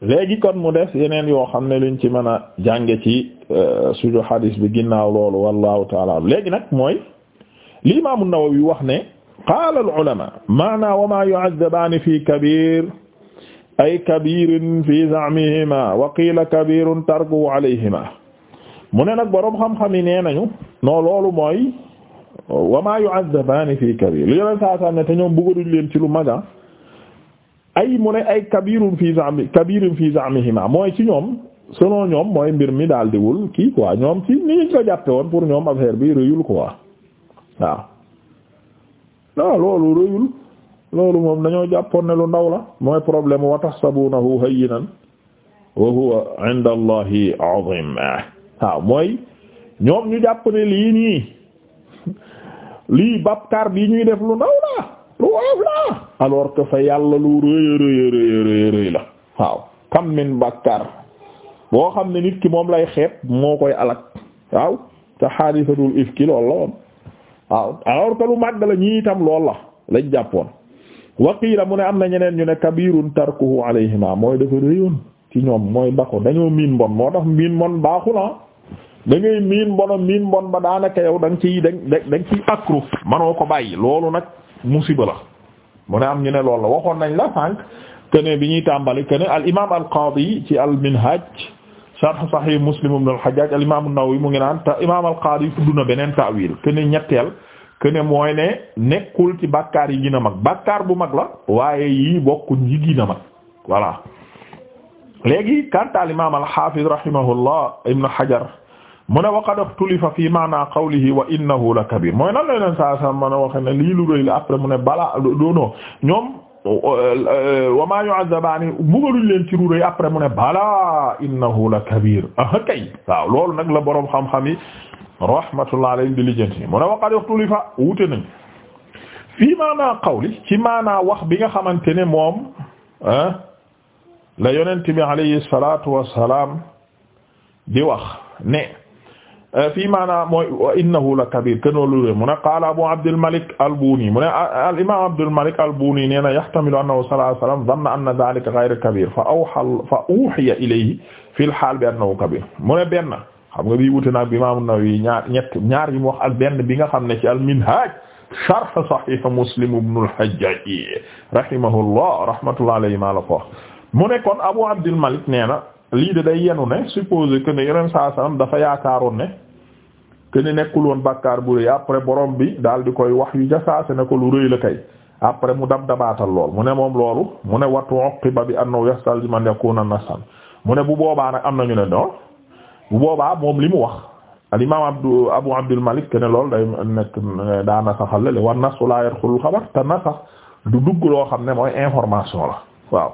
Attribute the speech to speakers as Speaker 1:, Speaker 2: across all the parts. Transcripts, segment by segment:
Speaker 1: léegi kon mu des yeneen yoo xam ne luñ ci mën a jànge ci euh, suñu hadis bi ginnaaw loolu wallahu taala léegi nag mooy li imaamu Nawawi wax ne qaala al ulama maana wa ma yu'azzabaani fi kabir ay kabirin fi za'mihima wa qiila kabirun tarku alayhima mu ne nag boroom xam-xam yi nee nañu no loolu mooy wa ma yu'azzabaani fi kabir li yoleen saa saa ne te ñoom bëggaduñ leen ci lu maga ah. ay mu ne ay kabirun fi zami kabirun fi zamihima mooy ci ñoom selon ñoom mooy mbir mi daal diwul kii quoi ñoom ci ni ñu ko jàppe woon pour ñoom affaire bi rëyul quoi waaw non loolu rëyul loolu moom dañoo jàppoon ne lu ndaw la mooy problème wa tahsabunahu hayyinan wa huwa inda allahi azim waaw mooy ñoom ñu jàpp lii nii lii bàkkaar bi ñuy def lu ndaw lu woyof la alors que fa yàlla lu rëy rëy rëy rëy la waaw kam min bàkkaar boo xam ne nit ki moom lay xeeb moo koy alak waaw te xaadisatul ifki loolu la woon waaw alors que lu màgg la ñii itam lool la lañ jàppoon waqiila mu ne am na ñeneen ñu ne kabirun tarkuhu alayhima mooy dafa réyoon ci ñoom mooy bako dañoo miin mbon moo tax miin mbon baaxula ah. da ngay miin mbono miin mbon ba daa yow da nga ciy da nga ciy manoo ko bàyyi loolu nag musiba la mu ne am ñu ne loolu la waxoon nañ la sànq kene bi ñuy tàmbali kene al imam al qaadi ci al minhaj sharh sahih muslim ibn al hajjaj al imam an-nawawi mu ngi naan te imam al qaadi tudd na beneen ta'wil kene ñetteel kene mooy ne nekkul ci bàkkaar yi gën a mag bàkkaar bu mag la waaye yi bokkuñ yi gën a mag voilà léegi kanta al imam al hafiz rahimahullah ibn hajar mu ne waqad ixtulifa fi maana qawlihi wa innahu la mooy nan a waxe ne lii lu rëy la après mu ne balaa doono ñoom wa maa yu'azzabaani mbugaluñ leen ci lu après mu ne balaa innahu la kabir ah kay waaw loolu nag la boroom xam-xam yi rahmatullah alayhim di lijjanti mu ne waqad wute nañ fii maana qawli wax bi nga xamante ne moom ah, la yonent bi alayhi salaatu wassalaam di wax ne Euh, fii maanaam mooy innahu la kabir kenn loolu mu ne qaala abu abdulmalik albuni mu ne al imam abdulmalik albuni nee na yahtamilu annahu sallallahu alayhi wa sallam dhanna anna dhalika ghayru kabir fa awha fa uhiya ilayhi fi l haal bi annahu kabir mu ne benn xam nga bii wute naag bi imam an-Nawawi ñaar ñett ñaar yi mu wax ak benn bi nga xam ne ci al-minhaj sharh sahih muslim ibn al-hajjaj rahimahullah rahmatullahi alayhi ma la ko mu ne kon abu abdulmalik nee na lii de day yenu ne supposé que ne yeneen saa dafa yaakaaroon ne que ne nekkul woon bàkkaar bu rëy après borom bi dal di koy wax yu jasaase ne ko lu rëy la kay après mu dab dabaatal lool mu ne moom loolu mu ne wattu uqiba bi annahu yastalzimu an yakuna nasan mu ne bu boobaa nag am na ñu ne non bu boobaa moom li mu wax al imam abdu abu abdul malik que ne loolu day nekk daa nasaxal la war nasu laa yadxulul xabar te nasax du dugg loo xam ne mooy information la waaw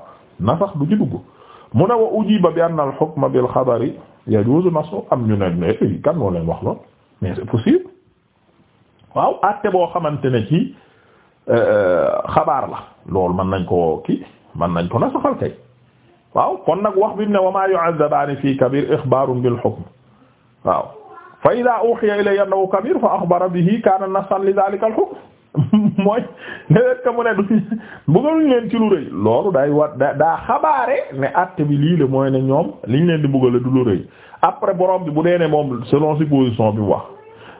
Speaker 1: mu ne wa ujiba bi anna al hukma bil xabari yajuuzu nasu am ñu ne mais kan moo leen wax lool mais c'est possible waaw àtte boo xamante ne ci euh, xabaar la loolu mën nañ koo kii mën nañ ko nasaxal kay waaw kon nag wax bi mu ne wa maa yu'azzabaani fii kabiir ixbaarun bil hukm waaw fa idaa uhiya ilayhi annahu kabiir fa axbara bihi kaana nasan li daalika al hukm mooy ne rekk mu ne du bëggaluñ leen ci lu rëy loolu day wat daa xabaare ne àtte bi lii la mooy ne ñoom liñ leen di bëggale du lu rëy après borom bi bu dee ne moom selon supposition bi wax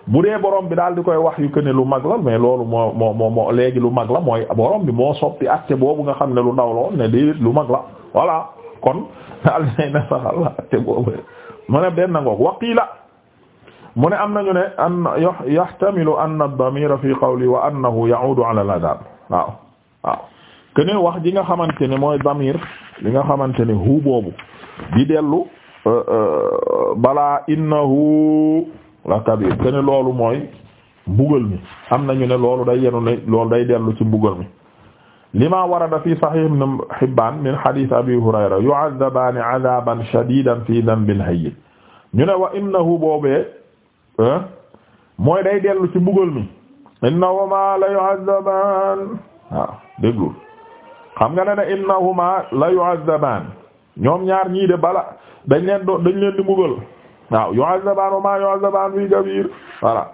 Speaker 1: bu dee borom bi daal di koy wax yu que ne lu mag la mais loolu moo moo moo moo léegi lu mag la mooy borom bi moo soppi àtte boobu nga xam ne lu ndaw la woon ne déedéet lu mag la voilà kon daal di ne saxal la àtte boobu mu ne benn ngoog waqila mu ne am na ne an yahtamilu an ad-damir fi qawli wa annahu ya'udu ala al-adab waaw waaw kene wax ji nga xamante ne mooy damir li nga xamante ne hu boobu di dellu euh, euh, balaa innahu la kabir kene loolu mooy mbugal mi am nañu ne loolu day yenu ne day dellu ci mbugal mi lima wara fi sahih ibn hibban min hadith abi hurayra yu'adhabani 'adaban shadidan fi dhanbin hayyin ñu ne wa innahu boobee mooy day dellu ci mbugal mi innahuma la yu'azzaban waaw déggul xam nga ne ne innahuma la yu'azzaban ñoom ñaar ñii de bala dañ leen do dañ leen di mbugal waaw yu'azzaban wa ma yu'azzaban fi kabir voilà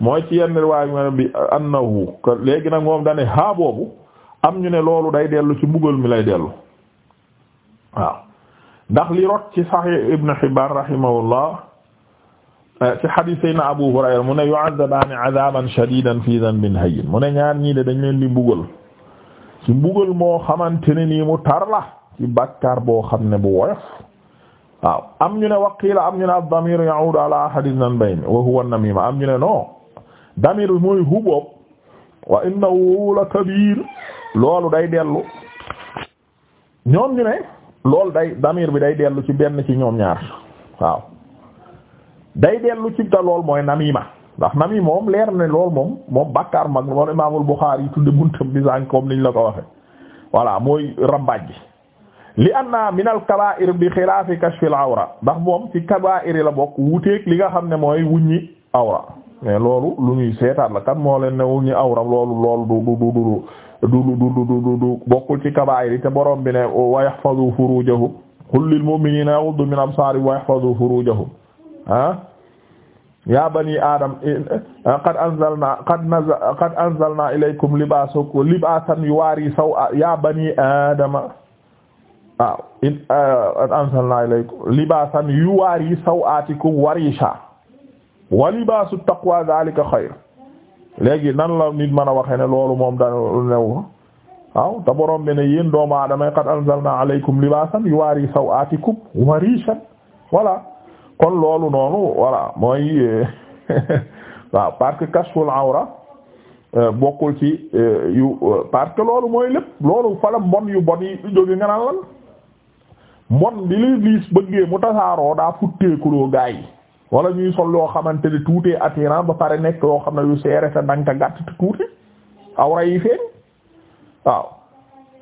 Speaker 1: mooy ci yenn riwaay ma bi annahu léegi nag moom dane ha boobu am ñu ne loolu day dellu ci mbugal mi lay dellu waaw ndax li rot ci sahih ibn Hibban rahimahullah Euh, ci hadith sayna Abu Hurayra mu ne yu'azzabaani 'azaaban shadiidan fii dhanbin hayyin mu ñaar ñii de dañ leen di mbugal ci mbugal moo xamante ne nii mu tar la ci bàkkaar boo xam ne bu woyof am ñu ne waqiila am ñu ne ad-damiir ya'uudu 'alaa ahadi dhanbayni wa huwa am ñu ne non damir bi mooy huboob wa la kabiir loolu day dellu ñoom ñu loolu day bi day dellu ci benn ci ñoom ñaar day dellu ci ta lool mooy namima ndax namima moom leer na lool moom moom bàkkaar mag loolu Imaamul Buxaari tudde buntam bi sànq comme niñ la ko waxe voilà mooy rambaaj gi li anna min al kabaa'ir bi xilaafi kashfi al awra ndax moom ci kabaa'ir la bokk wuteek li nga xam ne mooy wuññi awra mais loolu lu ñuy seetaat la kan moo leen ne wuññi awra loolu loolu du du du du bokkul ci kabaa'ir te boroom bi ne wa yahfazu furujahum qul lil mu'minina yaghuddu min absaarihim wa yahfazu ah yaa bani adam qad anzalna qad naza qad anzalna ilaykum libaasakum libaasan yuwaari saw yaa bani adama waaw in anzalna ilaykum libaasan yuwaari sawatikum warisha wa libaasu taqwa zalika xayr léegi nan la nit mën a waxee ne loolu moom da new waaw te borom bi ne yéen doomu aadama qad anzalna alaykum libaasan yuwaari sawatikum warisha voilà kon loolu noonu voilà mooy euh, parce que kashful awra euh, bokkul ci euh, yu parce que loolu mooy lépp loolu fa mbon yu bon yi jóge nga naan lan mbon bi l'Église bëggee mu tasaaroo daa futteekuloo gaa yi wala ñuy sol loo xamante ne tuutee attirant ba pare nekk yoo xam ne yu seere te danka gàtt te awra yi feeñ waaw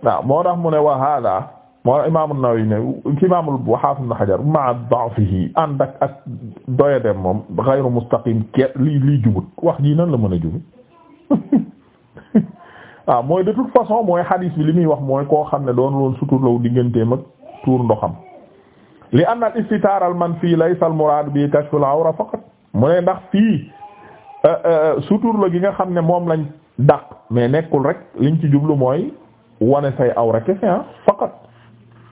Speaker 1: waaw moo tax mu ne wa moo Imaam An-Nawawi ne Imaam al-Hafiz Ibn Hajar ma'a da'fihi ànd ak ak doyadem moom ghayru mustaqim ke lii li jubut wax jii nan la mën a jubu waaw ah, mooy de toute façon mooy hadis bi li muy wax mooy koo xam ne doon loon suturlaw digganteem ak tuur ndoxam li anna al-istitaar al-manfi laysa al-muraad bi kashf al-awra faqat mu ne ndax fii euh, euh, sutur la gi nga xam ne moom lañ dàq mais nekkul rek liñ ci jublu mooy wane say awra kese ah faqat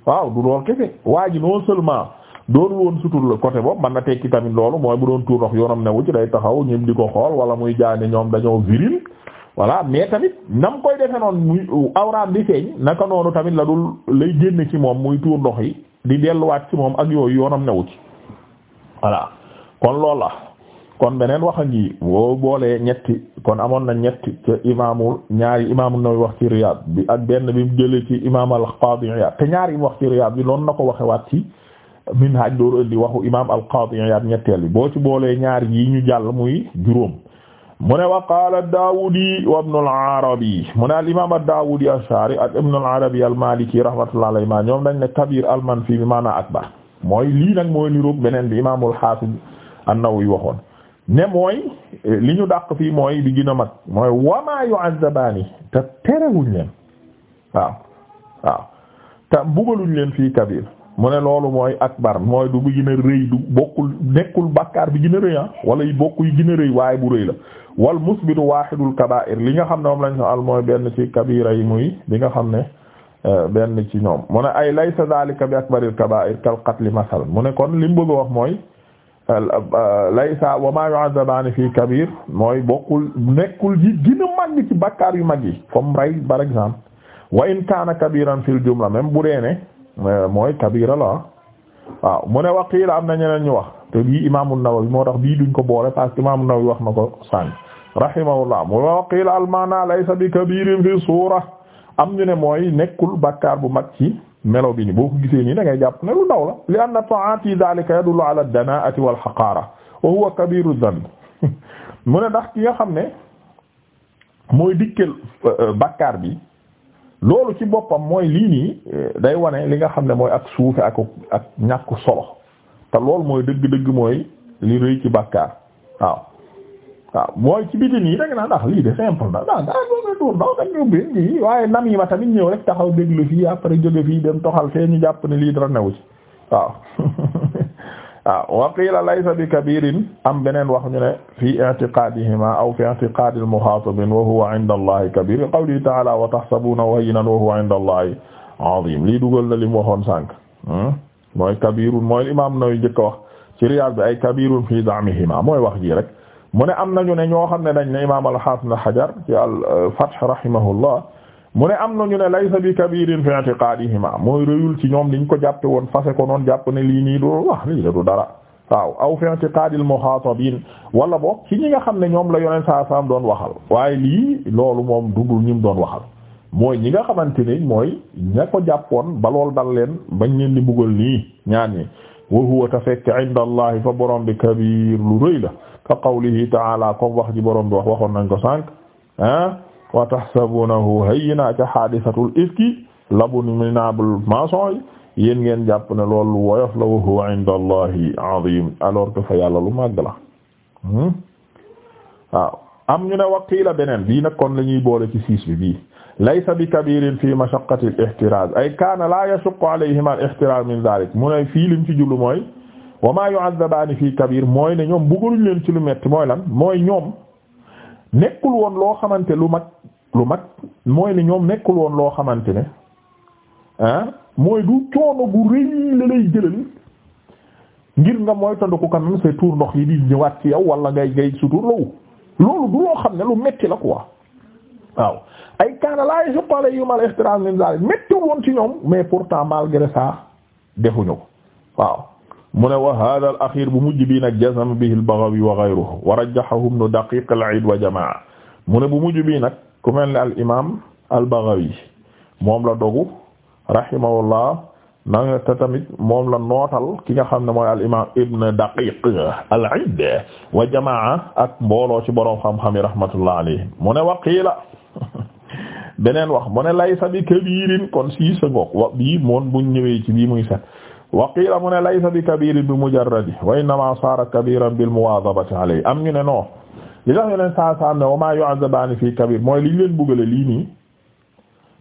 Speaker 1: waaw du lool kese waa ji non seulement doonul woon sutur côté boobu man na tekki tamit loolu mooy bu doon tuur ndox yoonam newu ci day taxaw ñim di ko xool wala muy jaay ñoom dañoo viril voilà mais tamit nam koy defe noonu muy awraam di feeñ naka noonu tamit la dul lay génn ci moom muy tuur ndox yi di delluwaat ci moom ak yooyu yoonam newu ci voilà kon loolu la kon beneen wax a ngi woo boolee ñetti kon amoon na ñetti ca imaamul ñaari imaamu Nawawi wax ci Riyaad bi ak benn bi mu jëlee ci qaadi Iyaad te ñaari wax ci bi noonu na ko waxe waat ci Minhaaj door indi waxu imaam al-Qaadi Iyaad ñetteel bi boo ci boolee ñaari yi ñu jàll muy juróom mu ne wa qaala Daawudi wa Ibnul Arabi mu ne al imaam ad-Daawudi ash-Shaari ak Ibnul Arabi al-Maaliki rahmatullahi alayhi ma ñoom dañ ne Kabir al-Manfi bi maanaa akbar mooy lii nag mooy niroog beneen bi imaamul Haafiz an-Nawawi waxoon ne mooy eh, li ñu dàq fii mooy bi gën mag mooy wamaa yu'azzabaani te terewuñ leen waaw waaw te mbugaluñ leen fii kabir mu ne loolu mooy akbar mooy du bu gën a rëy du bokkul nekkul bàkkaar bi gën rëy ah wala yu bokk yu gën a rëy waaye bu rëy la wal musbitu waahidul kabaa'ir li nga xam ne moom lañ sa al mooy benn ci kabira yi muy bi nga xam ne eh, benn ci ñoom mu ne ay laysa zaalika bi akbaril kabaa'ir kal qatli masal mu ne kon li mu bëgg a wax mooy Euh, laysa wa ma yu'azabaani fi kabir mooy bokkul nekkul ji gën a ci bakkaar yu mag yi comme rey par exemple wa in kaana kabiran fil jumla même bu dee euh, mooy kabira la waaw mu ne waqiila am na ñeneen ñu wax te bii imaamu Nawawi moo tax bii duñ ko boole parce que imaamu wax ma ko sànq rahimahullah mu ne waqiila al maana bi kabirin fi suura am ñu ne mooy nekkul bakkaar bu mag ci melo bi ni boo ko gisee nii da jàpp ne lu ndaw la li anna ta'ati dhalika yadullu ala ad-dana'ati wal haqara wa huwa kabiru dhanb mu ne ndax ki nga xam ne mooy dikkel euh, euh, bàkkaar bi loolu ci boppam mooy lii nii euh, day wane li nga xam ne mooy ak suufe ak ak ñàkk solo te loolu mooy dëgg-dëgg mooy li rëy ci bàkkaar waaw waaw mooy ci biti nii da nga lii de simple na daa daa doon rek doon waaye nam yi ma tamit ñëw rek taxaw déglu fii après jóge fii dem toxal fee ñu jàpp lii dara newu ci waaw waaw wa bi kabirin am beneen wax ñu ne fi i'tiqadihima aw fi i'tiqadi al-muxaatabin wa huwa 'inda allahi kabir qawlihi ta'ala wa tahsabunahu hayyinan wa huwa 'inda allahi 'azim lii dugal na li mu waxoon sànq hmm? mooy kabirun mooy imaam Nawawi njëkk a wax ci Riyaad bi ay fi za'mihima mooy wax ji rek mu ne am nañu ne ñoo xam ne dañ ne imaam al-Hafiz na Hajar ci al-Fath euh, rahimahullah mu ne am nañu ne laysa bi kabirin fi i'tiqadihima mooy rëyul ci ñoom liñ ko jàppe woon fase ko noon jàpp ne lii nii du wax lii la du dara waaw aw fi i'tiqadil muxaatabin wala boog ci ñi nga xam ne ñoom la yoneen saa saam doon waxal waaye lii loolu moom dundul ñi mu doon waxal mooy ñi nga xamante ni mooy ña ko jàppoon ba lool dal leen bañ leen di buggal nii ñaan ñi wa huwa ta fekk inda allahi borom bi kabir lu rëy la ka qawlihi ta'ala comme wax ji borom bi wax waxoon nañ ko sànq ah wa tahsabunahu hayyina ca hadisatul ifki l'abominable mensonge yi yéen ngeen jàpp ne loolu lu woyof la wa huwa inda allahi azim alors que fa yàlla lu màgg la hmm? waaw am ñu ne waqiila beneen bii nag kon la ñuy boole ci siis bi bii laysa bi kabirin fi mashaqqati al-ihtiraz ay kaana la yashuqqu alayhima al-ihtiraz min dhalik mu ne fii lim ci jublu mooy wa maa yu'azzabaani fii kabir mooy ne ñoom buggaluñ leen ci lu metti mooy lan mooy ñoom nekkul woon loo xamante lu mag lu mag mooy ne ñoom nekkul woon loo xamante ne ah mooy du coono bu rëy la lay jëlal ngir nga mooy tonduku kanam c'est tour ndox yi di ñëwaat ci yow wala ngay ngay sutur loolu loolu du loo xam ne lu metti la quoi waaw ay kaana laa yasuqu alayhim al ihtiram min woon ci ñoom mais pourtant malgré ça defuñu ko waaw mu ne wa hada al axir bu mujj bi nag jazama bihi al Baghawi wa ghayruhu wa rajjahahu ibn Daqiq al Iid wa jamaa mu ne bu mujj bi nag ku mel ne al imaam al Baghawi moom la dogu rahimahullah nanga te tamit moom la nootal ki nga xam ne mooy al imaam ibn Daqiq al Iid wa jamaa ak mbooloo ci boroom xam-xam yi rahmatullah alayhim mu ne waqiila beneen wax mu ne laysa bi kabiirin kon sii sa ngoog wa bii moom buñ ñëwee ci bii muy set waqiila mu ne laysa bi kabirin bi mujarradi wa innama saara kabiran bil muwaazabati am ñu ne non li tax ñu leen saa saa ne wa maa yu'azzabaani fii kabir mooy li ñu leen bëggale lii nii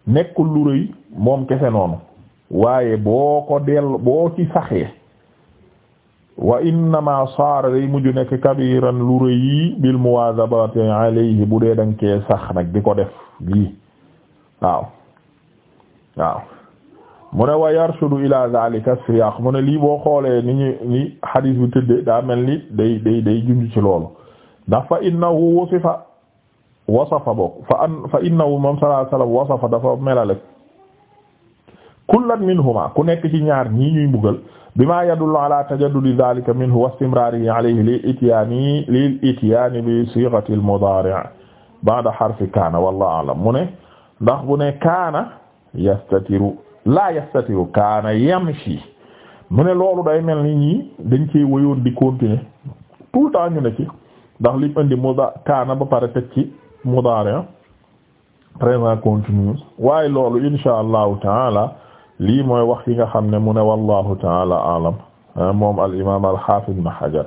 Speaker 1: nekkul lu rëy moom kese noonu waaye boo ko dell boo ci saxee wa innama saara day mujj nekk kabiran lu rëy bil muwaazabati alayhi bu dee danga kee sax nag di ko def lii waaw waaw mu ne wa yarshudu ila zalika siyaq mu ne lii boo xoolee ni ñu ni hadis bi tëddee daa mel ni day day day junj ci loolu ndax fa innahu wasifa wasafa bokk fa an fa innahu moom sallallahu alayhi wasallam wasafa dafa melale kullan minhuma ku nekk ci ñaar ñii ñuy mbugal bima yadullu ala tajaddudi zalika minhu wa istimrarihi alayhi lil ityaani lil ityaani bi sighati al mudari' ba'da harfi kaana wallahu a'lam mu ne ndax bu ne kaana yastatiru laa yastatiru kaana ci mu ne loolu day mel ni ñii dañ cee wëyoon di continuer tout le temps ñu ne ci ndax lim indi muda kaana ba pare teg ci mudaari présent continue waaye loolu insha allahu taala lii mooy wax yi nga xam ne mu ne wallahu taala alam ah, moom al imaam al haafid ibn hajar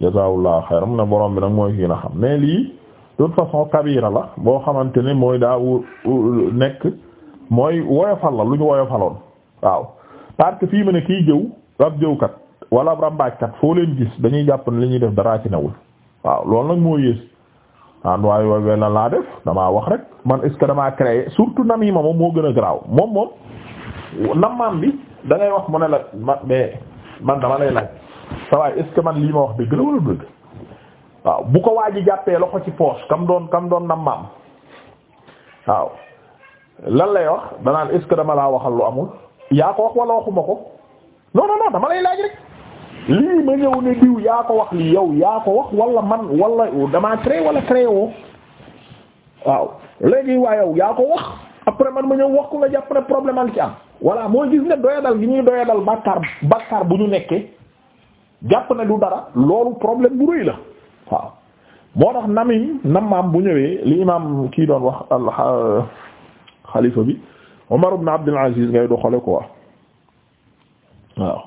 Speaker 1: jazaahullahu xayran mu ne borom bi nag mooy kii na xam mais lii de toute façon kabira la boo xamante ne mooy daa nekk mooy woyofal la lu ñu woyofaloon waaw parce fii mu ne kii jëw ab jëwkat wala ab rambaajkat foo leen gis dañuy jàpp ne li ñuy def daraa ci newul waaw loolu nag moo yées an waaye wooy we laa def damaa wax rek man est-ce que damaa créé surtout moom moo gën a garaaw moom moom nammaam bi da wax mu ne la ma mais man dama lay laaj sa waay est man lii ma wax dëgg la wala dëgg waaw bu ko waa ji jàppee loxo ci poche kam doon kam doon nammaam waaw lan lay wax danaan est dama laa waxal lu amul yaa ko wax wala waxuma ko non non non dama lay laaj rek lii ma ñëw ne diw yaa ko wax lii yow yaa ko wax wala man wala damaa créé wala créé woo waaw léegi waa yow yaa ko wax après man ma ñëw wax ko nga jàpp ne problème al ci am voilà mooy gis ne doyadal gi ñuy doyadal bàkkaar bàkkaar bu ñu nekkee jàpp ne du dara loolu problème bu rëy la waaw moo tax namim nam maam bu ñëwee li imaam kii doon wax xalifa bi Umar ibn Abdul Aziz ngay doxale ko wax waaw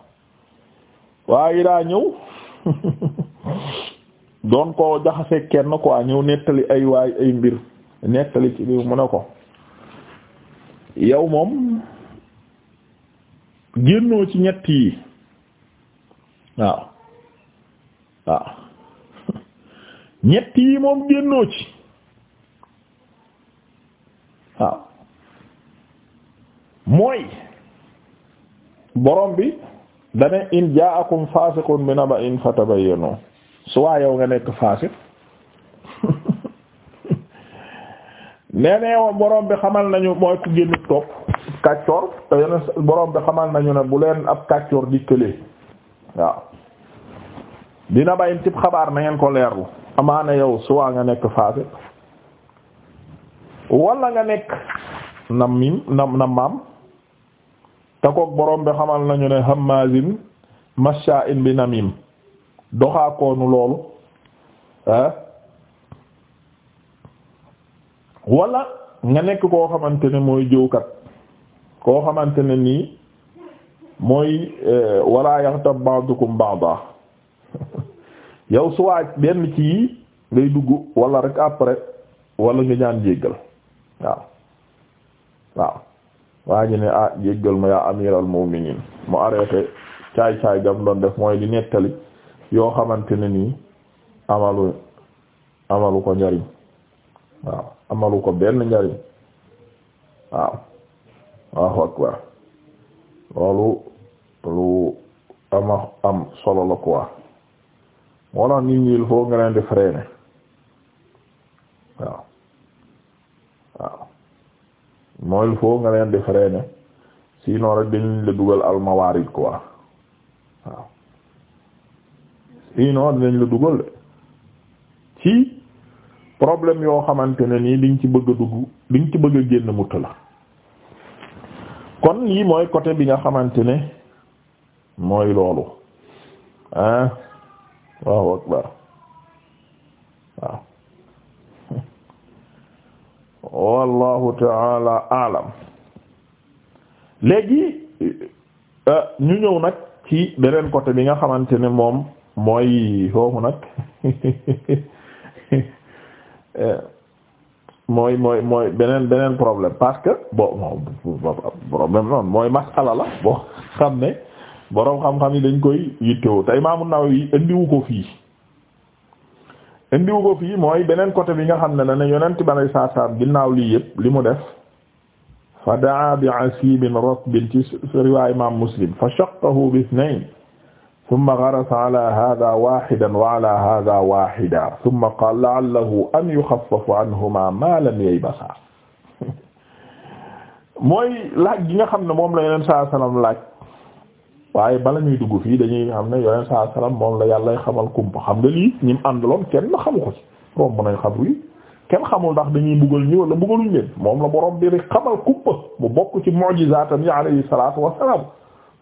Speaker 1: waaye daa ñëw doon ko jaxase kenn quoi ñëw nettali ay waay ay mbir nettali ci biir mu ne ko yow moom génnoo ci ñett yi waaw waaw ñett yi moom génnoo ci mooy borom bi dane in ja'akum fasiqun bi naba'in fatabayyanu su waa yow nga nekk faasiq neeneewa borom bi xamal nañu mooy ku génn topp kàccoor borom bi xamal nañu ne bu leen ab kàccoor di këlee waaw dina bàyyin cib xabaar na ngeen ko leeru amaana yow su waa nga nekk faasiq wala nga nekk nam mim nam maam te boroom bi xamal nañu ne hammaazin mashaa'in bi namim doxaakoonu loolu ah wala nga nekk koo xamante ne mooy jëwkat koo xamante ne nii mooy eh, wala yaxtab ba'dukum ba'da yow suwaaj benn ci ngay dugg wala rek après wala nga ñaan jéggal waaw waaw waa ji ne ah jéggal ma yaa amiral mu'minin mu arrêté caay caay gam doon def mooy di nettali yoo xamante ne nii amalu amalu ko njariñ waaw amalu ko benn njariñ waaw waaw akbar loolu lu ama am solo la quoi moo tax nit ñi il faut nga waaw mooy foo nga leen di si sinon rek dañu la dugal almawaarid quoi waaw sinon dinañ la dugal ci problème yoo xamante ne nii diñ ci bëgg a dugg diñ ci bëgg a génn mutt la kon lii mooy côté bi nga xamante ne mooy loolu ah waaw akbar waaw wallahu taala alam léegi euh, ñu ñëw nag ci beneen côté bi nga xamante ni moom mooy foofu nag mooy mooy mooy beneen beneen problème parce que bon problème noonu mooy masala la boo xam ne boroom xam-xam yi dañ koy yittewoo te Imaamu Nawawi indiwu ko fii indiwu ko fii mooy beneen côté bi nga xam ne ne yonent ba nay saasaam ginnaaw lii li mu def fa daa bi asibin ratbin ci riwaay imam muslim fa shaqahu bi ithnayn thumma gharasa ala hadha wahidan wa ala hadha wahida thumma qala la'allahu an yukhaffafa ma lam yaybasa mooy laaj gi xam ne moom la yonent saa sallam laaj waaye bala ñuy dugg fii dañuy xam na yoneen saa salaam moom la yàllay xamal kumpa xam nga lii ñim àndaloon kenn xamu ko ci romb nañ xabru yi kenn xamul ndax dañuy mbugal ñi wala mbugaluñ leen moom la borom bi rek xamal kumpa mu bokk ci mu'jizaatam yi alayhi salaatu wassalaam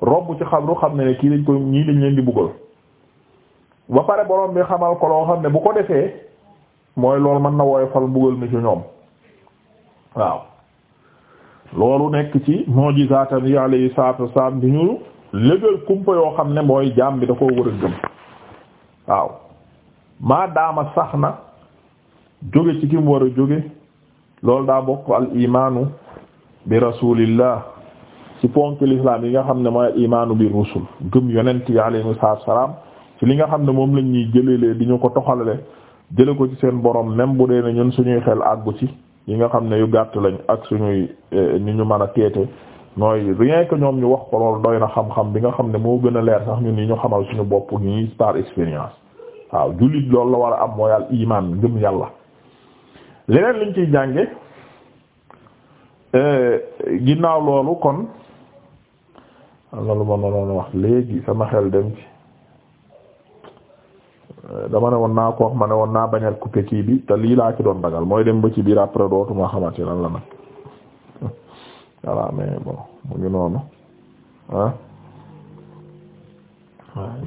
Speaker 1: romb ci xabru xam ne kii dañ ko ñii dañ leen di mbugal ba pare borom bi xamal ko loo xam ne bu ko mooy loolu mën na woyofal mbugal mi ci ñoom waaw loolu nekk ci mu'jizaatam yi légal kumpa yoo xam ne mooy jaam bi da koo war a gëm waaw maa daama sax na jóge ci ki war a jóge loolu daa bokk al imaanu bi rasulillah ci ponk l'islam yi nga xam ne mooy imaanu bi rusul gëm yonent yi alayhimu li nga xam ne moom lañ ñuy jëlelee di ñu ko toxalale jële ko ci seen borom même bu dee nañu ñun suñuy xel àggu ci yi nga xam ne yu gàtt lañ ak suñuy eh, ni ñu mën a teete mooy rien que ñoom ñu wax ko loolu doy na xam-xam bi nga xam ne moo gën a leer sax ñun ni ñu xamal suñu bopp ñi par expérience waaw jullit loolu la war a am moo al iman ngëm yàlla leneen liñ ciy jànge euh, ginnaaw loolu kon am na lu ma noonu wax léegi sama xel dem ci euh, dama ne woon naa ko ma ne woon naa bañal coupé kii bi te lii laa ci doon dagal mooy dem ba ci biir après dootuma xamante lan la nag voilà mais bon mu ngi noonu ah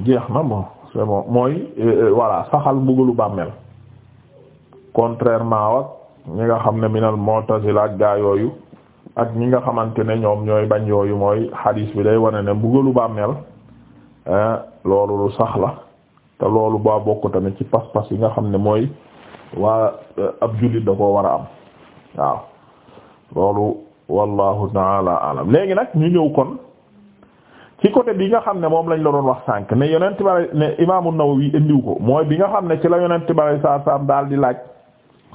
Speaker 1: jeex na bon mooy euh, euh, voilà saxal mbugalu bàmmeel contrairement ak ñi nga xam ne minal la ak gaa yooyu ak ñi nga xamante ne ñoom ñooy bañ yooyu mooy xadiis bi day wane ne mbugalu bàmmeel loolu lu sax la te loolu ba bokk tamit ci pas-pas yi nga xam ne mooy waa euh, ab jullit da ko war a am waaw loolu wallahu taala alam léegi nag ñu ñëw kon ci côté bi nga xam ne moom lañ la doon wax sànq ne yonent bare ne imaamu Nawawi indiw ko mooy bi nga xam ne ci la yonent bare saa saam daal di laaj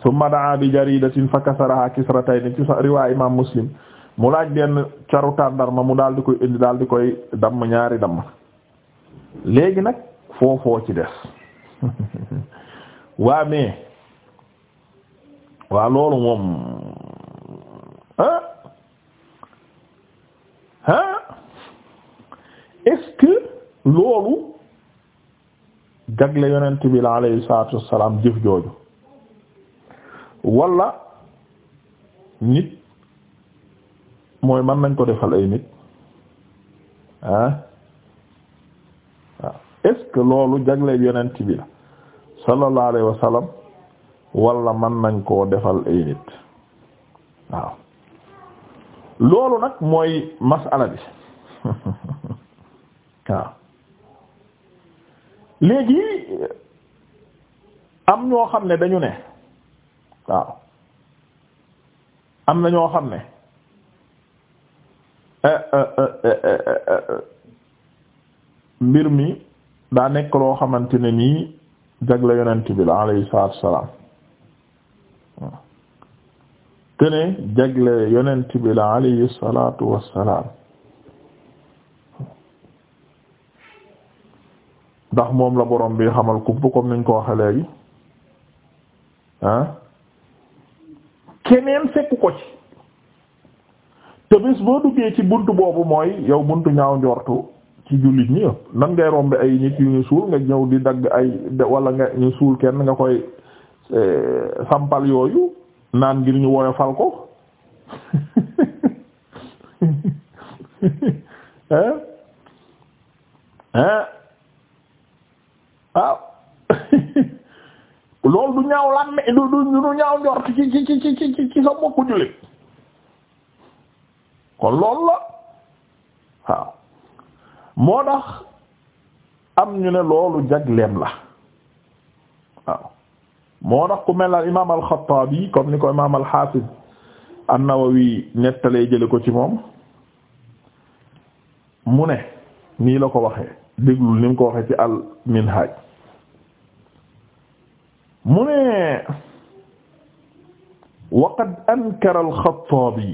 Speaker 1: summa daa bi jaridatin fa kasaraha kisratayni ci riwaay imaam Muslim mu laaj benn caru tàndarma mu daal di koy indi daal di koy damm ñaari dam léegi nag foofoo ci des waa mais waa loolu moom ah ah est-ce loolu jagle yonent bi la alayhi salaatu wassalaam jëf jooju wala nit mooy mën nañ ko defal ay nit ah waaw loolu jagle yonent bi la sallallahu alayhi wasallam walla mën nañ koo defal ay nit waaw loolu nag mooy masala bi waaw léegi am ñoo xam ne dañu ne waaw am na ñoo xam ne eh, eh, eh, mbir mi daa nekk loo xamante ne nii jagle yonent bi la alayhi salaatu salaam kene jagle yonent bi la alayhi salatu wassalaam ndax moom la borom bi xamal kubb comme niñ ko waxe léegi ah keneen fekk ko ci te boo duggee ci bunt boobu mooy yow buntu ñaaw njortu ci jullit ñi nan ngay rombe ay nit yu ñu suul nga ñëw di dagg ay wala nga ñu suul kenn nga koy eh, sampal yooyu naan ngir ñu woyofal ko hein hein waaw ah. loolu du ñaaw lan du du du ñaaw njort ci ci ci ci ci sa mbokku jullit kon loolu la waaw moo tax am ñu ne loolu jagleem la waaw moo tax ku mel al imaam al-Xattaabi comme ni ko imaam al-Xaafid an-Nawawi nettalee jële ko ci moom mu ne nii la ko waxee déglul ni mu ko waxee ci al-Minhaaj mu ne waqad ankara al-Xattaabi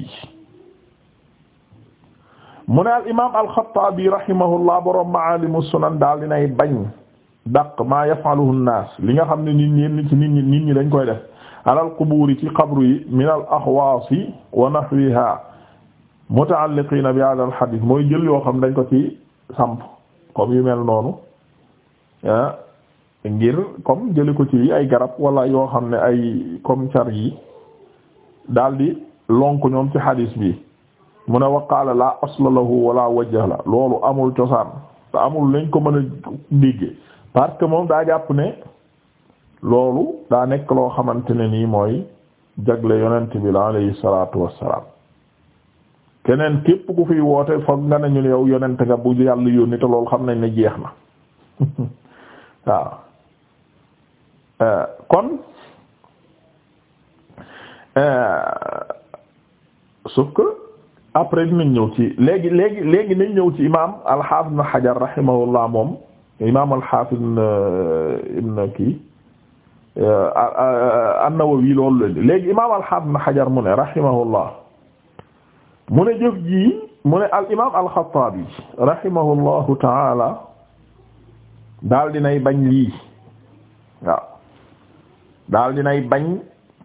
Speaker 1: mu ne al imaam al-Xattaabi rahimahullah borom Macaalimu Sunan daal dinay bañ daq maa yafaluhu nnaas li nga xam ne nit ñi nit ñi nit ñi dañ koy def alal qubuuri ci qabru yi min al axwaasi wa nahwiha mutaalliqiina bi hada al mooy jël yoo xam dañ ko ci samp comme yu mel noonu ah, ngir comme jëli ko ci ay garab walla yoo xam ne ay comme car yi daldi lonk ñoom ci hadith bi mu ne waqaala la asla lahu wala wajha la loolu amul cosaan te amul lañ ko mën a dégge parce que moom daa jàpp ne loolu daa nekk loo xamante ne nii mooy jagle yonent bi la alayhi salaatu wassalaam keneen képp ku fiy woote foog nga nañu yow yonent nga bu yàlla yónni te loolu xam nañ ne jeex na waaw euh, kon euh, sauf que après dinañ ñëw ci léegi léegi léegi nañ ñëw ci imaam al-Hafiz Ibn Hajar moom imaam al-Hafiz uh, ibn kii uh, uh, an-Nawawi loolu la léegi imaam al-Hafiz ibn Hajar mu ne rahimahullah mu ne jëf ji mu ne al imaam al-Khattabi rahimahullahu ta'ala daal dinay bañ lii waaw daal dinay bañ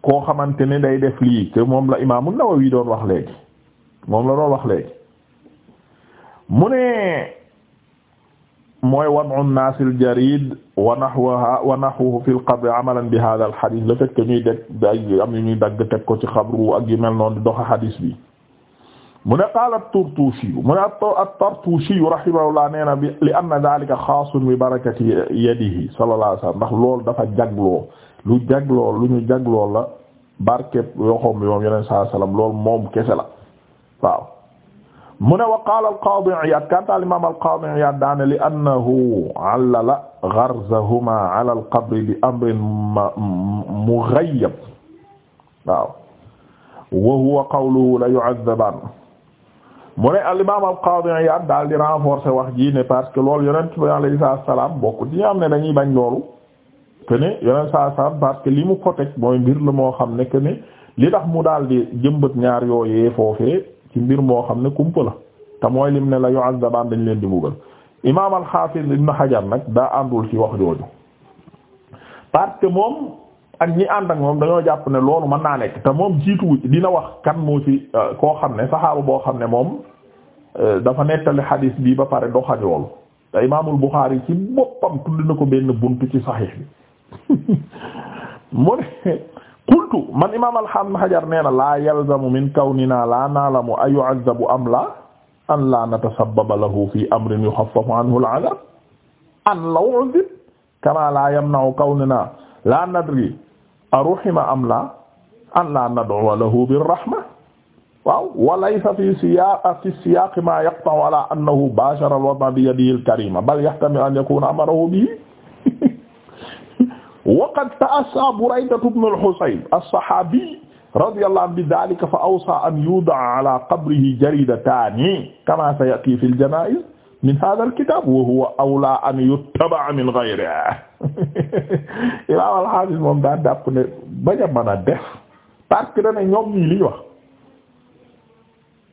Speaker 1: koo xamante ne day def lii te moom la imaam an-Nawawi doon wax léegi moom la doon wax léegi mu ne. mooy wad'u naas al-jarid wa nahwaha wa nahwuhu fi al-qabr amalan bi hadha al-hadith le fait que ñuy deg day am yu ñuy dagg teg ko ci xabru ak yu mel noonu di doxa hadith bi mu ne qaala at-Tartushi mu ne at-Tartushi rahimahullah nee na bi li anna dhalika xaasun bi barakati yadihi sallallahu alayhi wasallam ndax loolu dafa jagloo lu jagloo lu ñu jagloo la barke yoxoom bi moom yeneen saa sallam loolu moom kese la waaw mu ne wa qaala al-qaadi Iyaad kanta al-imaam al daane li annahu allala gharzahumaa ala al-qabri bi amrin mughayyab waaw wa huwa qawluhu la yu'azzabaan mu ne al-imaam al-qaadi Iyaad daal di renforcer wax jii ne parce que loolu yonent bi alayhi salaam bokk ci ne dañuy bañ loolu que ne yonent saa parce que li mu ko mooy mbir moo xam ne que li tax mu daal di jëmbat ñaar yooyee foofee. ci mbir moo xam ne kumpa la te mooy lim ne la yu'azzabaan dañ leen di buggal imaam al-Hafiz Ibn Hajar nag daa àndul ci wax jooju parce que moom ak ñi ànd ak moom dañoo jàpp ne loolu mën naa nekk te moom jiitu dina wax kan moo ci euh, koo xam ne saxaaba boo xam ne moom euh, dafa nettali xadiis bii ba pare doxal loolu te imaamul Buxaari ci boppam tudd na ko benn buntu ci saxiix bi mu ne qultu man imaam alxaam xajar nee na laa yalzamu min kawnina laa naalamu a yu'azzabu am la an la natasabbaba lahu fi amrin yuxaffafu anhu al'azab an law uzib kama laa yamna'u kawnina laa nadri a ruhima am la an la nad'u lahu birrahma waaw wa laysa fi siyaaq fi siyaaq ma yaqta'u ala annahu baashara al-wad'a bi yadihi al-karima bal yahtamilu an yakuna amarahu bihi waqad ta'assa Buraydatu ibn al-Husayb as-sahabi radiyallahu anhu bi dhalika fa awsa an yuda'a ala qabrihi jaridatan kama sayati fi al-jana'iz min hadha al-kitab wa huwa awla an yuttaba min ghayrihi imam al-hafiz moom daa dàpp ne bañ a mën a def parce que dana ñoom ñii li ñu wax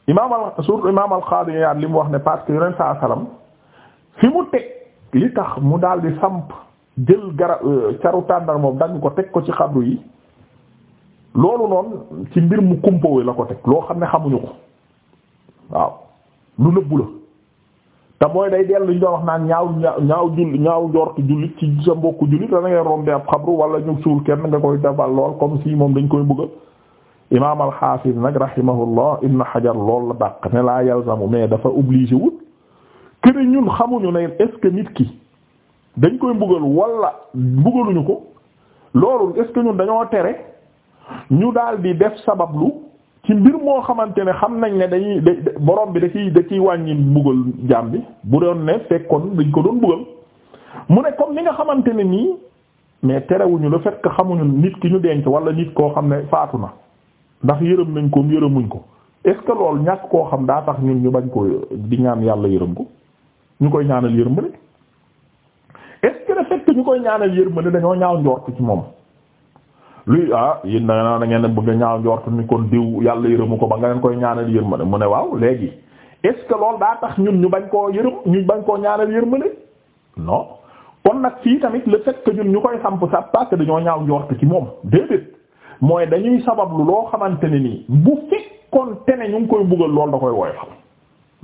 Speaker 1: imam al surtout imam al-Qadi Iyaad li mu wax ne parce que yoneen saa salaam fi mu teg li tax mu daal di samp jël garab euh, caru tàndar moom dagg ko teg ko ci xabru yi loolu noonu ci mbir mu kumpawe la ko teg loo xam ne xamuñu ko waaw lu nëbbu la te mooy day dellu ñu wax naan ñaaw ñaaw jull ñaaw njort jullit ci sa mbokku jullit da ngay ab wala ñu suul kenn nga koy defal lool comme si moom dañ koy bëgg imaam al-Hafiz nag rahimahullah ibn Hajar lool la dàq ne laa yalzamu mais dafa obligé wut que ñun xamuñu ne est nit ki. dañ koy mbugal wala mbugaluñu ko loolu est-ce ñun dañoo tere ñu daal di def sabablu ci mbir moo xamante ne xam nañ ne dañuy borom bi da ciy da ciy wàññi mbugal jaam bi bu doon ne fekkoon dañ ko doon mbugal mu ne comme ni nga xamante ne nii mais terewuñu la fekk xamuñu nit ki ñu denc wala nit koo xam ne faatu na ndax yërëm nañ ko yërëmuñ ko est-ce que loolu ñàkk koo xam daa tax ñun ñu bañ ko di ñaan yàlla yërëm ko ñu koy ñaanal yërëm rek fait que ñu koy ñaanal yërmande dañoo ñaaw njort ci moom luy ah yéen da nga na ngeen bëgg a ñaaw njort ni kon diw yàlla yërëmu ko ba nga leen koy ñaanal yërmande mu ne waaw léegi est ce que loolu daa ñun ñu bañ koo yërëm ñu bañ koo ñaanal yërmande non kon nag fii tamit la fait que ñun ñu koy samp sa parce dañoo ñaaw njort ci moom déedéet mooy dañuy sabablu loo xamante ne nii bu fekkoon te ne ñu ngi koy buggal loolu da koy woyofal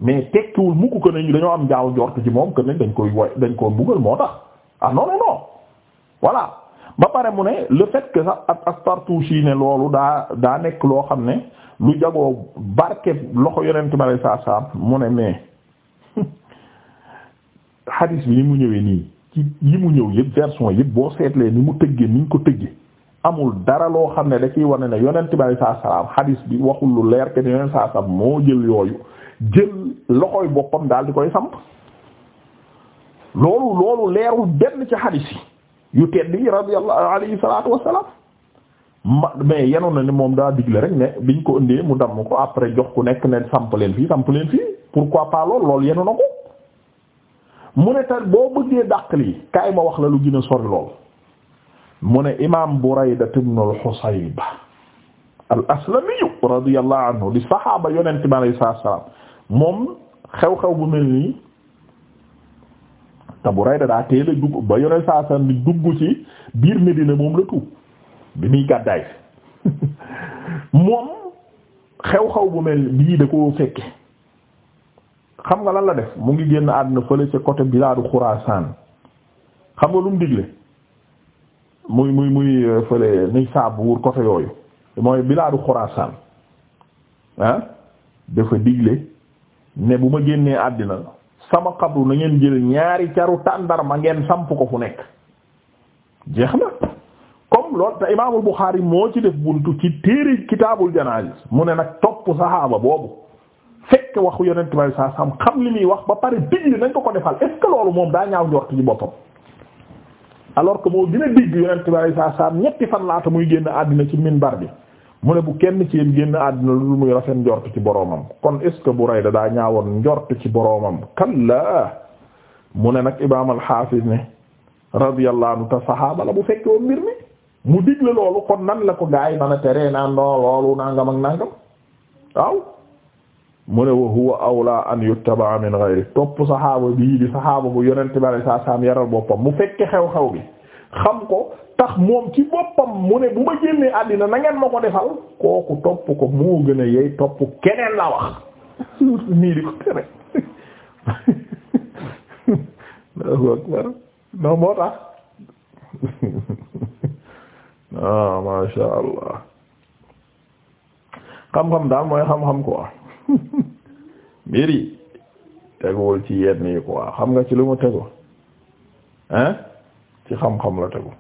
Speaker 1: mais tekkiwul mukk ko ne ñu dañoo am ñaaw njort ci moom que ne dañ koy woy dañ koy buggal moo tax. ah non non non voilà ba pare mu ne le fait que sax ak Astartushi ne loolu daa daa nekk loo xam ne lu jagoo barke loxo yonent ma lay saa saa mu ne mais xadis bi ni mu ñëwee nii ci mu ñëw yëpp version yëpp boo seetlee ni mu tëggee ni ñu ko tëggee amul dara loo xam ne da ciy wane ne yonent bi alayhi salaam hadis bi waxul lu leer que ne saa salaam moo jël yooyu jël loxoy boppam daal di koy samp loolu loolu leerul benn ci xadiis yi yu tedd yi radiyallahu alayhi salaatu wassalaam ma mais yenu na ne moom daa digle rek ne biñ ko indee mu damm ko après jox ku nekk ne samp leen fii samp leen fii pourquoi pas loolu loolu yenu na ko mu ne ta boo bëggee dàq lii kaay ma wax la lu gën a sori lool mu ne imaam Burayda ibn al-Husayb al-Aslami radiyallahu anhu di saxaaba yonent bi alayhi salaam moom xew-xew bu mel nii te Burayda daa teel a dugg ba yoneen saa san di dugg ci biir Medina moom la tuub bi muy gàddaay moom xew-xew bu mel bii da koo fekke xam nga la la def mu ngi génn àdduna fële ci côté bilaadu Xuraasaan xam nga lu mu digle muy muy muy euh, fële ni Saabuur côté yooyu mooy bilaadu Xuraasaan ah? dafa digle ne bu ma génnee àddina sama xabru na ngeen jël ñaari caru tàndarma ngeen samp ko fu nekk jeex na comme loolu te imaamul yi moo ci def buntu ci téere kitaabul janaa'iz mu ne nag topp saxaaba boobu fekk waxu yonent bi saa sam xam li muy wax ba pare digle nañ ko ko defal est loolu moom daa ñaaw njort ci boppam alors que moo gën a digg yonent bi saa sam ñetti fan laata muy génn àddina ci minbar bi mu ne bu kenn ci yéen génn àddina lu muy rafet njort ci boroomam kon est ce que Burayda daa ñaawoon njort ci boroomam kalla mu ne nag imaam al-Hafiz ne radiyallahu anhu te saxaaba la bu fekke woon mbir mi mu digle loolu kon nan la ko gaa yi man a teree naan non loolu nangam ak nangam waaw mu ne wa huwa awla an yuttaba min ghayri topp saxaaba bii di saxaaba bu yonente bi alayhi yaral boppam mu fekke xew-xew bi xam ko tax moom ci boppam mu ne bu ma génnee àddina nangeen ngeen ma ko defal kooku topp ko moo gën a yey topp keneen la wax surtout di ko tere non moo tax ah masha Allah xam-xam daal mooy xam-xam quoi mbir yi teguwul ci yenn yi quoi xam nga ci lu mu tegu hein ci xam-xam la tegu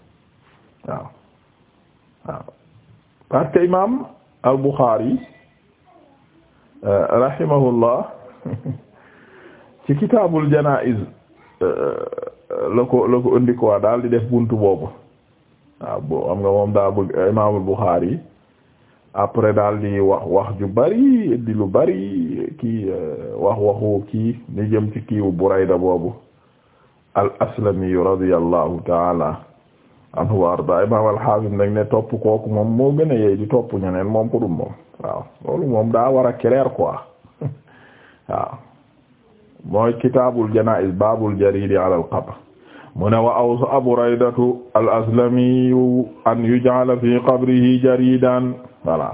Speaker 1: waaw waaw parce que imaam al-Bukhari euh, rahimahullah ci kitaabul janaa'iz euh, la ko la ko indi quoi daal di def bunt boobu waaw boo xam nga moom daa bëgg imaamul Bukhari après daal di wax wax ju bari di lu bari kii euh, wax waxu kii ni jëm ci kiiwu Burayda boobu al aslami radiyallahu taala anhu wa arda imam al-Hafiz nag ne topp kooku moom moo gën a yeey di topp ñeneen moom ko dum moom waaw loolu moom daa war a clair quoi waaw mooy kitaabul janaa'iz baabul jariidi ala al-qabr mu ne wa awsa Buraydatu al-Aslami an yuj'ala fi qabrihi jariidan voilà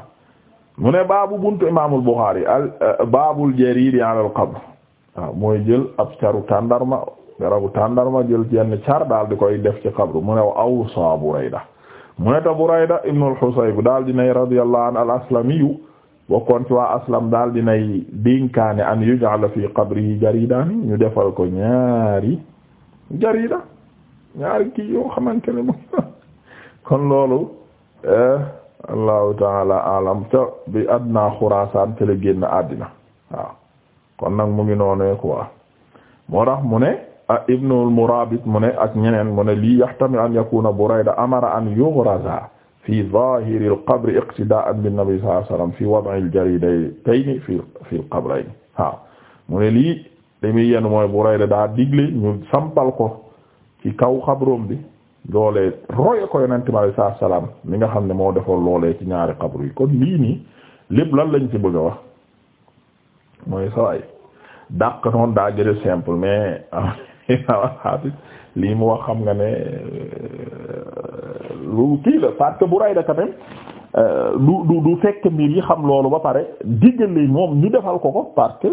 Speaker 1: mu ne baabu buntu imaamul Buxaari al baabul jariidi ala al-qabr waaw mooy jël ab caru tàndarma garabu tàndarma jël yenn car daal di koy def ci xabru mu ne wa awsa Burayda mu ne ta Burayda ibnul Husayb daal dinay radiyallahu an al aslamiyu bokkoon ci waa aslam daal dinay dénkaane an yuj'ala fi qabrihi jaridaani ñu defal ko ñaari jarida ñaari kii yoo xamante ne kon loolu eh, allahu taala alam ta bi adna Xuraasaan te la génn kon nag mu ngi noonee quoi ibnul murabit mu ne ak ñeneen mu ne lii yahtami an yakuna burayda amara an yughraza fi zahiri al-qabr iqtida'an bin-nabi sallallahu alayhi wasallam fi wad'i al-jaridatayn fi fi al-qabrayn waaw mu ne lii li muy yenn mooy burayda daa digle ñu sampal ko ci kaw xabroom bi loolee roye ko yonent bi alayhi salaam mi nga xam ne moo defoon loolee ci ñaari xabru yi kon lii nii lépp lan lañ ci bëgg a wax mooy sawaay dàq noonu daa gën a simple lii moo xam nga ne euh, lu kii la parce que Burayda quand euh, du du du fekk mbir yi xam loolu ba pare diggale moom ñu defal ko ko parce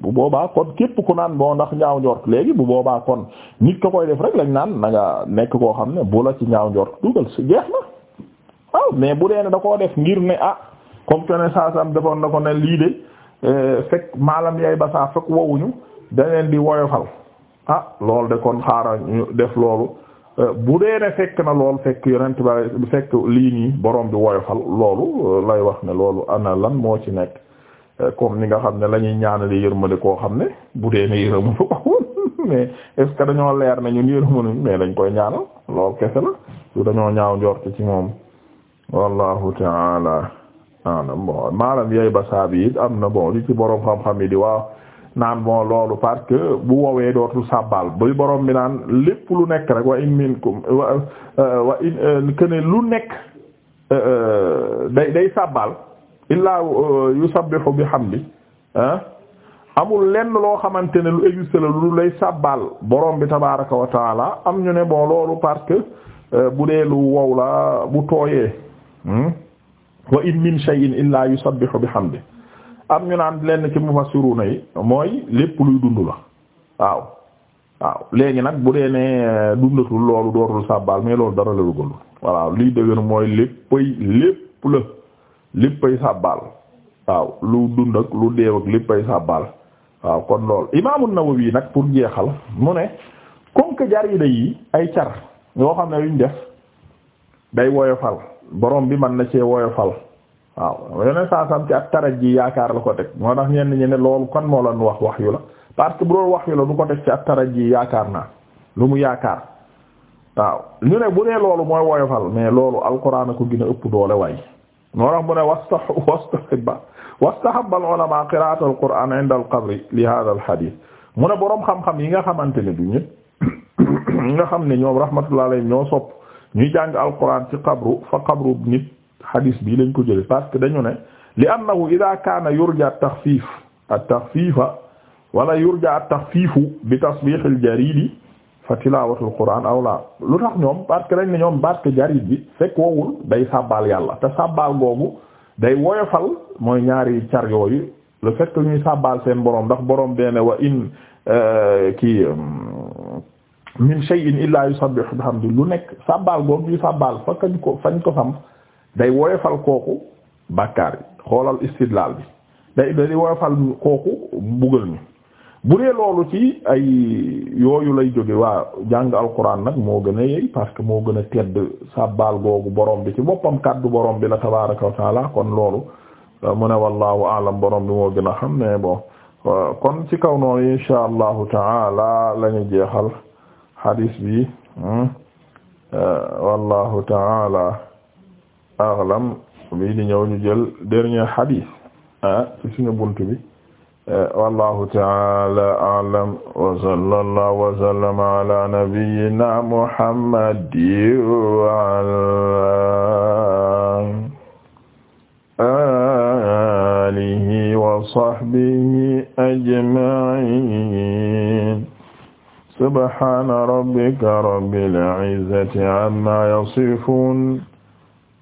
Speaker 1: bu boobaa kon képp ku naan boo ndax ñaaw njort léegi bu boobaa kon nit ko koy def rek lañ naan na nga nekk koo xam ne bu la ci ñaaw njort dugal si jeex na waaw mais bu dee ne da koo def ngir ne ah comme que saa sam defoon na ko ne lii de euh, fekk maalam yaay ba saa fekk wowuñu da di woyofal. ah loolu de kon xaaral ñu def loolu euh, bu dee ne fekk na lool fekk yonent ba fekk lii nii borom bi woyofal loolu euh, lay wax ne loolu ana lan moo ci nekk euh, comme ni nga xam ne la ñuy ñaanale yërmande koo xam ne bu dee ne yërëmanu ko mais est ce que dañoo leer na ñun yërëmanu mais dañ koy ñaanal loolu kese la su dañoo ñaaw njort ci moom wallahu taala maalam yay ba saabi am na bon li ci borom xam-xam yi di waaw naan bon loolu park bu woowee dootu sàbbal buy boroom bi naan lépp lu nekk rek wa in minkum wa euh, in kene euh, lu nekk euh, day day sàbbal illaa xam bihamdi amul lenn loo xamante ne lu existé la lu lay sàbbal borom bi tabaaraka wa taala am ñu ne bon loolu parce bu dee lu wow la bu tooyee hmm, wa in min shay'in illaa xam bihamdi am ñu naan lenn ci mu mufassiruna yi mooy lépp luy dund la waaw waaw léegi nag bu dee ne euh, dundatul loolu dootul sàbbaal mais loolu dara la dugal voilà liy dëgër mooy léppay lépp la léppay sàbbaal waaw lu dund ak lu deew léppay sàbbaal waaw kon loolu Imaamu Nawawi nag pour jeexal mu ne comme jarida yi ay car yoo xam ne yuñ def day woyofal borom bi mën na cee woyofal. waaw yeneen saa sam ci ak taraj ji yaakaar la ko teg moo tax ñenn ñi ne loolu kan moo lan wax wax yu la parce que bu doon wax yu la du ko teg ci ak taraj ji yaakaar naa lu mu yaakaar waaw ñu ne bu dee loolu mooy woyofal mais loolu alquran a ko gën ëpp doole way moo tax mu ne wasta wastahibba wastahabba al ulama qira'at al qur'an inda al qabri li hadha al hadith mu ne boroom xam-xam yi nga xamante ne du ñëpp nga xam ne ñoom rahmatullahi alayhim ñoo sopp ñuy jàng alquran ci qabru fa qabru xadis bii lañ ko jëlee parce que dañu ne li an na ida kaana yurja a tax fiifa wala yurja tax fiifu bi tasbihil jariidi fa tilaawatul aw la lu tax ñoom parce que dañ ne ñoom parce que jariid bi fekk wowul day sàbbaal yàlla te sàbbaal googu day woyofal mooy ñaari car yooyu le fait que ñuy sàbbaal seen borom ndax borom dee ne wa in euh, kii min shay'in illaa yusabbihu bihamdi lu nekk sàbbaal googu ñuy sàbbaal fa kañ ko fañ ko xam. day woyofal kooku bàkkaar bi xoolal istidlaal bi day day woyofal kooku mbugal mi bu dee loolu ci ay yooyu lay jóge waa jàng alquran nag moo gën a yey parce que moo gën a tedd sàbbaal googu borom bi ci boppam kàddu borom bi la tabaraka wa taala kon loolu mu ne wallahu àllam borom bi moo gën a xam ne bon kon ci kaw noonu insha allahu taala la ñu jeexal hadis bi hmm? eh, wallahu taala a'lam bii di ñëw ñu jël dernier hadith ah ci suñu buntu bi wallahu ta'ala a'lam wa sallallahu wa sallama ala nabiyyina muhammadin wa ala alihi wa sahbihi ajma'in subhana rabbika rabbil izzati amma yasifun